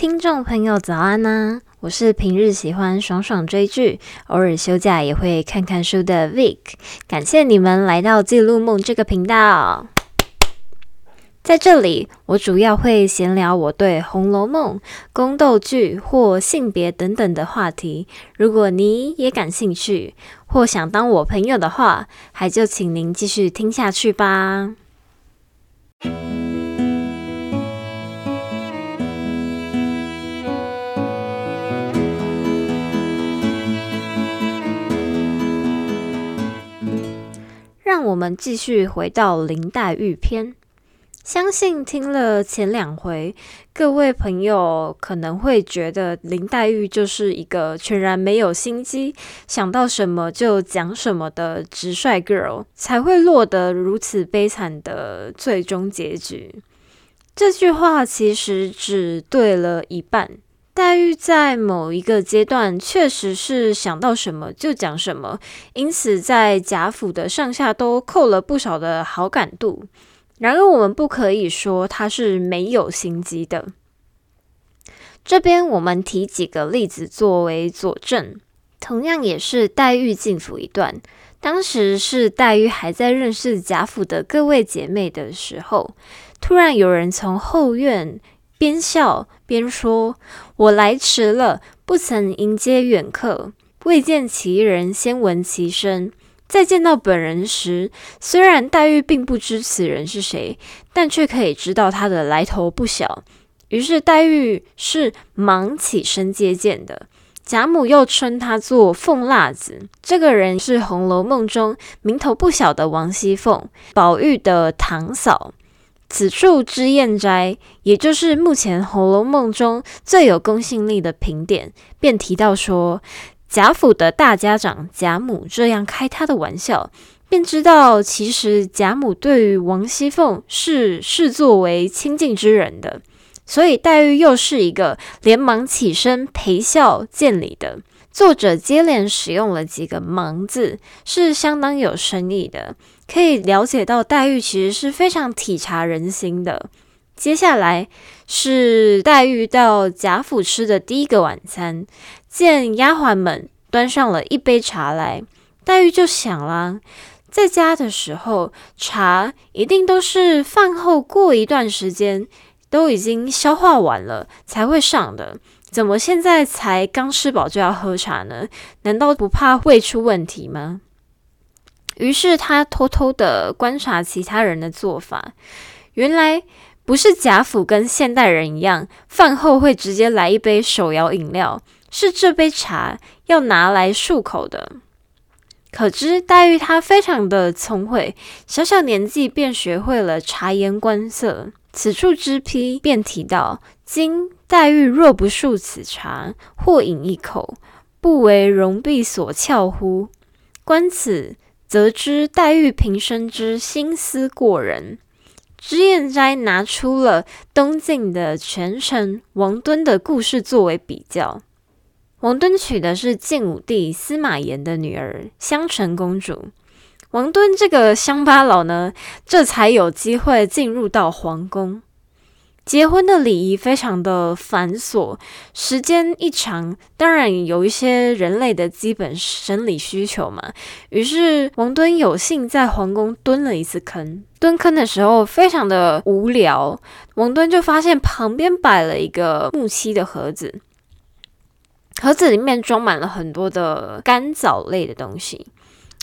聽眾朋友早安吶、啊！我是平日喜歡爽爽追劇，偶爾休假也會看看書的 Vic，感謝你們來到《記錄夢》這個頻道。 在這裡，我主要會閒聊我對《紅樓夢》、宮鬥劇或性別等等的話題。如果你也感興趣，或想當我朋友的話，還就請您繼續聽下去吧。 我們繼續回到林黛玉篇，相信聽了前兩回，各位朋友可能會覺得林黛玉就是一個全然沒有心機，想到什麼就講什麼的直率 girl，才會落得如此悲慘的最終結局。這句話其實只對了一半。黛玉在某一個階段確實是想到什麼就講什麼，因此在賈府的上下都扣了不少的好感度。然而，我們不可以說她是沒有心機的。這邊我們提幾個例子作為佐證。同樣也是黛玉進府一段，當時是黛玉還在認識賈府的各位姐妹的時候，突然有人從後院。邊笑邊說：“我來遲了，不曾迎接遠客。未見其人，先聞其聲。在見到本人時，雖然黛玉並不知此人是誰，但卻可以知道他的來頭不小。於是黛玉是忙起身接見的。賈母又稱他做鳳辣子。這個人是《紅樓夢》中名頭不小的王熙鳳，寶玉的堂嫂。”此處脂硯齋，也就是目前《紅樓夢》中最有公信力的評點，便提到說，賈府的大家長賈母這樣開他的玩笑，便知道其實賈母對於王熙鳳是視作為親近之人的，所以黛玉又是一個連忙起身陪笑見禮的。作者接連使用了幾個忙字，是相當有深意的。可以了解到，黛玉其實是非常體察人心的。接下來是黛玉到賈府吃的第一個晚餐，見丫鬟們端上了一杯茶來，黛玉就想啦，在家的時候，茶一定都是飯後過一段時間，都已經消化完了才會上的，怎麼現在才剛吃飽就要喝茶呢？難道不怕胃出問題嗎？於是他偷偷地觀察其他人的做法。原來不是賈府跟現代人一樣，飯後會直接來一杯手搖飲料，是這杯茶要拿來漱口的。可知黛玉她非常的聰慧，小小年紀便學會了察言觀色。此處之批便提到：今黛玉若不漱此茶，或飲一口，不為容閉所誚乎？觀此。則知黛玉平生之心思過人，脂硯齋拿出了東晉的權臣王敦的故事作為比較。王敦娶的是晉武帝司馬炎的女兒襄城公主，王敦這個鄉巴佬呢，這才有機會進入到皇宮。結婚的禮儀非常的繁瑣，時間一長，當然有一些人類的基本生理需求嘛。於是王敦有幸在皇宮蹲了一次坑，蹲坑的時候非常的無聊，王敦就發現旁邊擺了一個木漆的盒子，盒子裡面裝滿了很多的乾棗類的東西。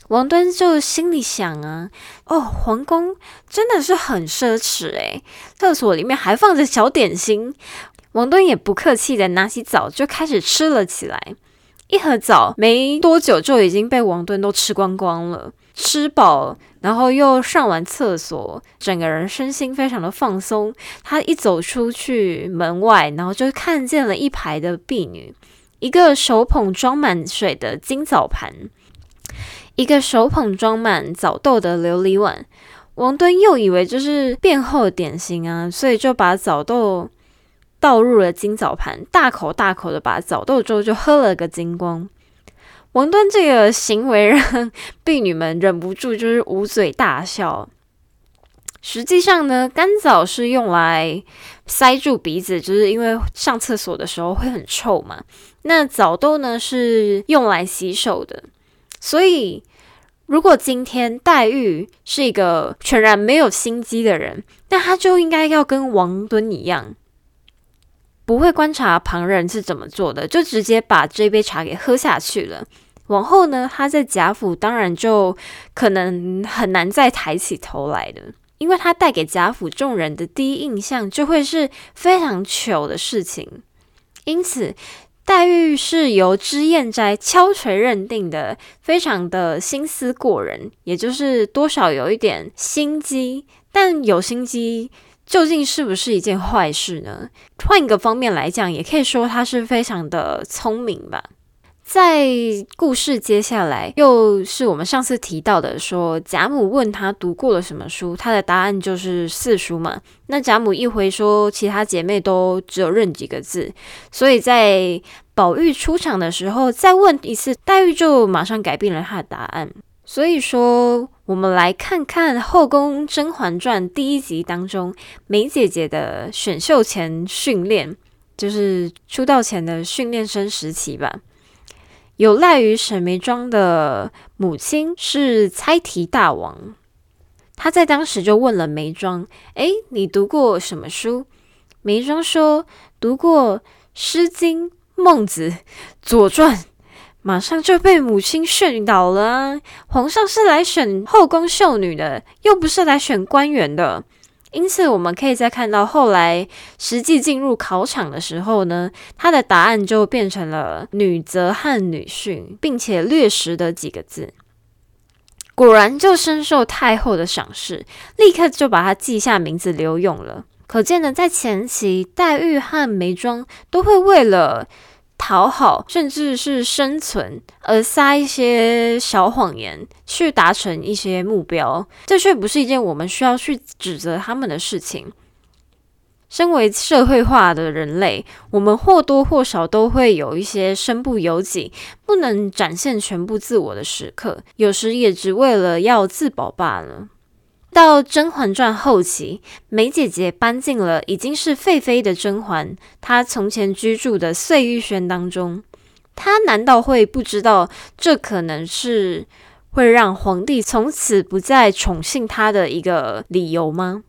王敦就心裡想啊，哦，皇宮真的是很奢侈誒、欸。廁所裡面還放着小點心。王敦也不客氣的拿起棗就開始吃了起來。一盒棗沒多久就已經被王敦都吃光光了。吃飽，然後又上完廁所，整個人身心非常的放鬆。他一走出去門外，然後就看見了一排的婢女，一個手捧裝滿水的金澡盤。一個手捧裝滿澡豆的琉璃碗，王敦又以為就是便後點心啊，所以就把澡豆倒入了金澡盤，大口大口的把澡豆粥就喝了個精光。王敦這個行為讓婢女們忍不住就是捂嘴大笑。實際上呢，乾棗是用來塞住鼻子，就是因為上廁所的時候會很臭嘛。那澡豆呢，是用來洗手的。所以，如果今天黛玉是一個全然沒有心機的人，那她就應該要跟王敦一樣，不會觀察旁人是怎麼做的，就直接把這杯茶給喝下去了。往後呢，他在賈府當然就可能很難再抬起頭來了，因為他帶給賈府眾人的第一印象就會是非常糗的事情，因此，黛玉是由脂硯齋敲槌認定的，非常的心思過人，也就是多少有一點心機。但有心機究竟是不是一件壞事呢？換一個方面來講，也可以說她是非常的聰明吧。在故事接下來，又是我們上次提到的，說賈母問她讀過了什麼書，她的答案就是四書嘛。那賈母一回說，其他姐妹都只有認幾個字，所以在寶玉出場的時候再問一次，黛玉就馬上改變了她的答案。所以說，我們來看看《後宮甄嬛傳》第一集當中眉姐姐的選秀前訓練，就是出道前的訓練生時期吧。有賴於沈眉莊的母親是猜題大王，她在當時就問了眉莊：“哎、欸，你讀過什麼書？”眉莊說：“讀過《詩經》《孟子》《左傳》。”馬上就被母親訓導了：“皇上是來選後宮秀女的，又不是來選官員的。”因此，我們可以再看到後來實際進入考場的時候呢，他的答案就變成了“女則”和“女訓”，並且略識得幾個字。果然就深受太後的賞識，立刻就把他記下名字留用了。可見呢，在前期，黛玉和眉莊都會為了討好，好，甚至是生存，而撒一些小謊言去達成一些目標，這卻不是一件我們需要去指責他們的事情。身為社會化的人類，我們或多或少都會有一些身不由己、不能展現全部自我的時刻，有時也只為了要自保罷了。到《甄嬛傳》後期，眉姐姐搬進了已經是廢妃的甄嬛她從前居住的碎玉軒當中，她難道會不知道這可能是會讓皇帝從此不再寵幸她的一個理由嗎？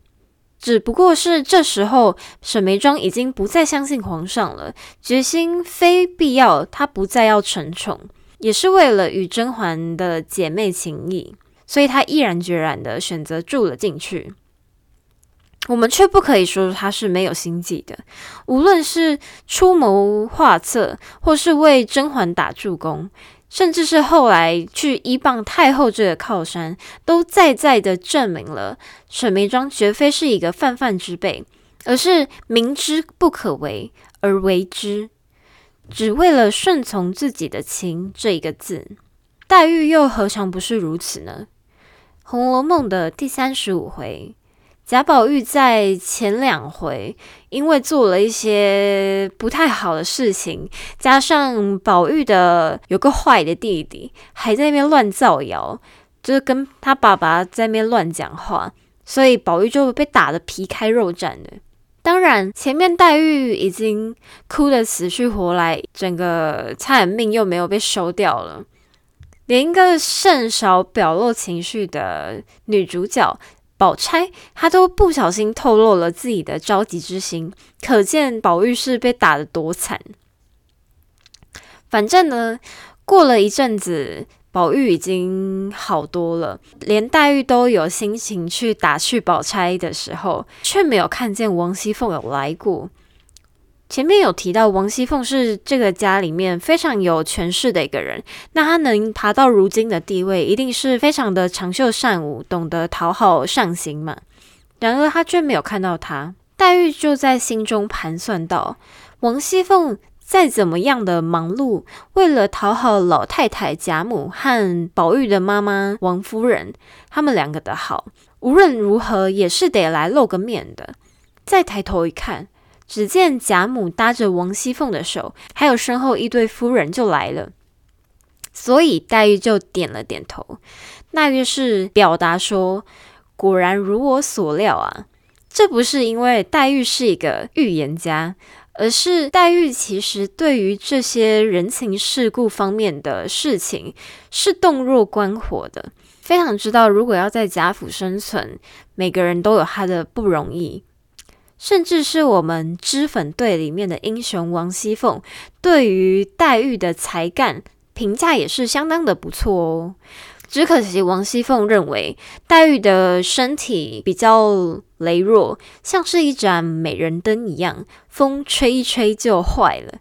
只不過是這時候沈眉莊已經不再相信皇上了，決心非必要她不再要承寵，也是為了與甄嬛的姐妹情誼。所以，他毅然決然的選擇住了進去。我們卻不可以說他是沒有心計的。無論是出謀劃策，或是為甄嬛打助攻，甚至是後來去依傍太后這個靠山，都再再的證明了沈眉莊絕非是一個泛泛之輩，而是明知不可為而為之，只為了順從自己的情這一個字。黛玉又何嘗不是如此呢？《紅樓夢》的第三十五回，賈寶玉在前兩回因為做了一些不太好的事情，加上寶玉的有個壞的弟弟，還在那邊亂造謠，就是跟他爸爸在那邊亂講話，所以寶玉就被打得皮開肉綻的。當然，前面黛玉已經哭得死去活來，整個差點命又沒有被收掉了。連一個甚少表露情緒的女主角寶釵，她都不小心透露了自己的着急之心，可見寶玉是被打得多慘。反正呢，過了一陣子，寶玉已經好多了，連黛玉都有心情去打趣寶釵的時候，卻沒有看見王熙鳳有來過。前面有提到王熙鳳是這個家裡面非常有權勢的一個人，那她能爬到如今的地位，一定是非常的長袖善舞，懂得討好上行嘛。然而她卻沒有看到她，黛玉就在心中盤算道，王熙鳳再怎麼樣的忙碌，為了討好老太太賈母和寶玉的媽媽王夫人，他們兩個的好，無論如何也是得來露個面的。再抬頭一看。只見賈母搭着王熙鳳的手，還有身後一對夫人就來了，所以黛玉就點了點頭。黛玉是表達說：“果然如我所料啊！”這不是因為黛玉是一個預言家，而是黛玉其實對於這些人情世故方面的事情是洞若觀火的，非常知道。如果要在賈府生存，每個人都有他的不容易。甚至是我們脂粉隊裡面的英雄王熙鳳，對於黛玉的才幹評價也是相當的不錯哦。只可惜王熙鳳認為黛玉的身體比較羸弱，像是一盞美人燈一樣，風吹一吹就壞了。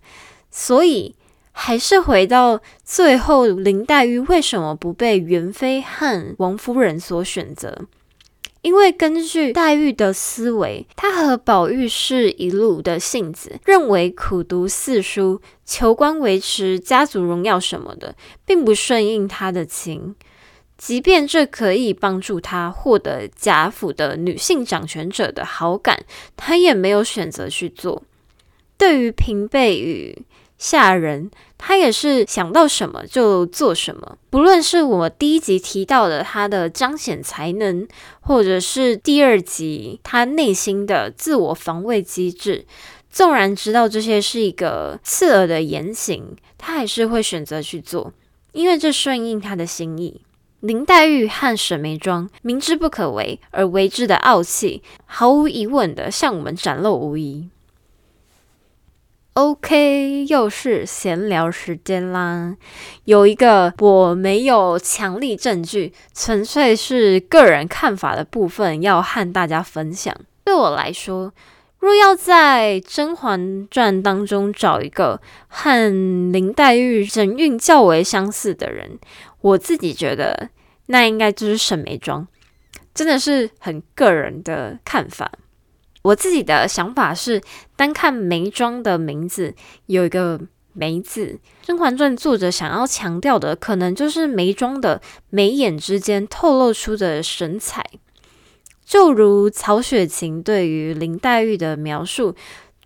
所以，還是回到最後，林黛玉為什麼不被元妃和王夫人所選擇？因為根據黛玉的思維，她和寶玉是一路的性子，認為苦讀四書、求官維持家族榮耀什麼的，並不順應她的情。即便這可以幫助她獲得賈府的女性掌權者的好感，她也沒有選擇去做。對於平輩與嚇人，他也是想到什麼就做什麼。不論是我第一集提到的他的彰顯才能，或者是第二集他內心的自我防衛機制，縱然知道這些是一個刺耳的言行，他還是會選擇去做，因為這順應他的心意。林黛玉和沈眉莊明知不可為而為之的傲氣，毫無疑問的向我們展露無遺。OK，又是閒聊時間啦。有一個我沒有強力證據，純粹是個人看法的部分要和大家分享。對我來說，若要在《甄嬛傳》當中找一個和林黛玉神韻較為相似的人，我自己覺得那應該就是沈眉莊。真的是很個人的看法。我自己的想法是，單看眉莊的名字，有一個“眉”字，《甄嬛傳》作者想要強調的，可能就是眉莊的眉眼之間透露出的神采。就如曹雪芹對於林黛玉的描述，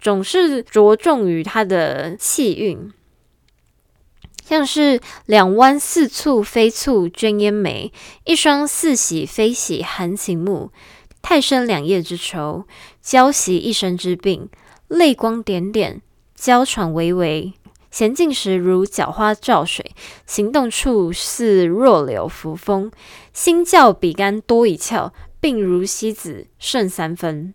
總是着重於她的氣韻，像是“兩彎似蹙非蹙罥煙眉，一雙似喜非喜含情目，態生兩靨之愁。”嬌襲一身之病，淚光點點，嬌喘微微。嫻靜時如嬌花照水，行動處似弱柳扶風。心較比干多一竅，病如西子勝三分。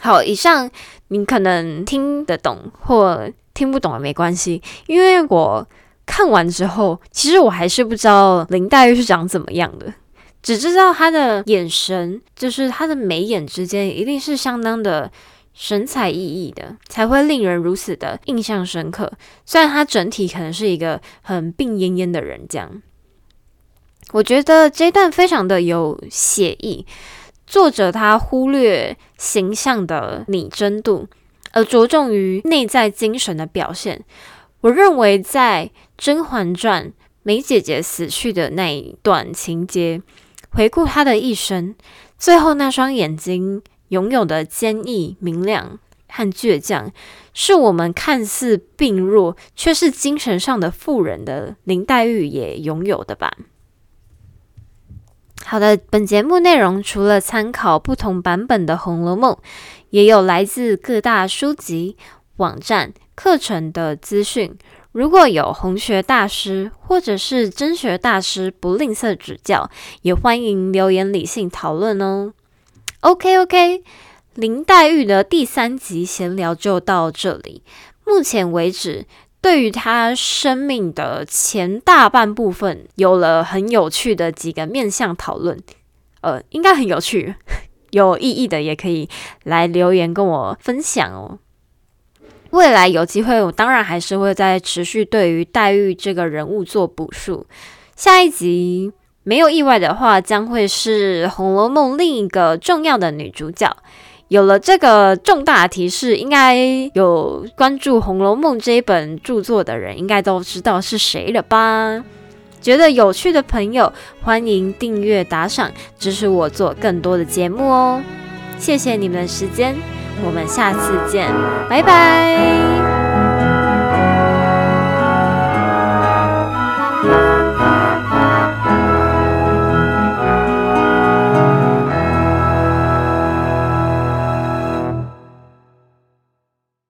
好，以上你可能聽得懂或聽不懂也沒關係，因為我看完之後，其實我還是不知道林黛玉是長怎麼樣的。只知道他的眼神，就是他的眉眼之間，一定是相當的神采奕奕的，才會令人如此的印象深刻。雖然他整體可能是一個很病懨懨的人，這樣，我覺得這段非常的有寫意。作者他忽略形象的擬真度，而着重於內在精神的表現。我認為在《甄嬛傳》眉姐姐死去的那一段情節。回顧他的一生，最後那雙眼睛擁有的堅毅、明亮和倔強，是我們看似病弱卻是精神上的富人的林黛玉也擁有的吧。好的，本節目內容除了參考不同版本的《紅樓夢》，也有來自各大書籍、網站、課程的資訊。如果有紅學大師或者是真學大師不吝嗇指教，也歡迎留言理性討論哦。OK OK，林黛玉的第三集閒聊就到這裡。目前為止，對於她生命的前大半部分，有了很有趣的幾個面向討論，呃，應該很有趣，有意義的也可以來留言跟我分享哦。未來有機會，我當然還是會再持續對於黛玉這個人物做補述。下一集沒有意外的話，將會是《紅樓夢》另一個重要的女主角。有了這個重大提示，應該有關注《紅樓夢》這一本著作的人，應該都知道是誰了吧？覺得有趣的朋友，歡迎訂閱、打賞，支持我做更多的節目哦！謝謝你們的時間。我們下次見，拜拜。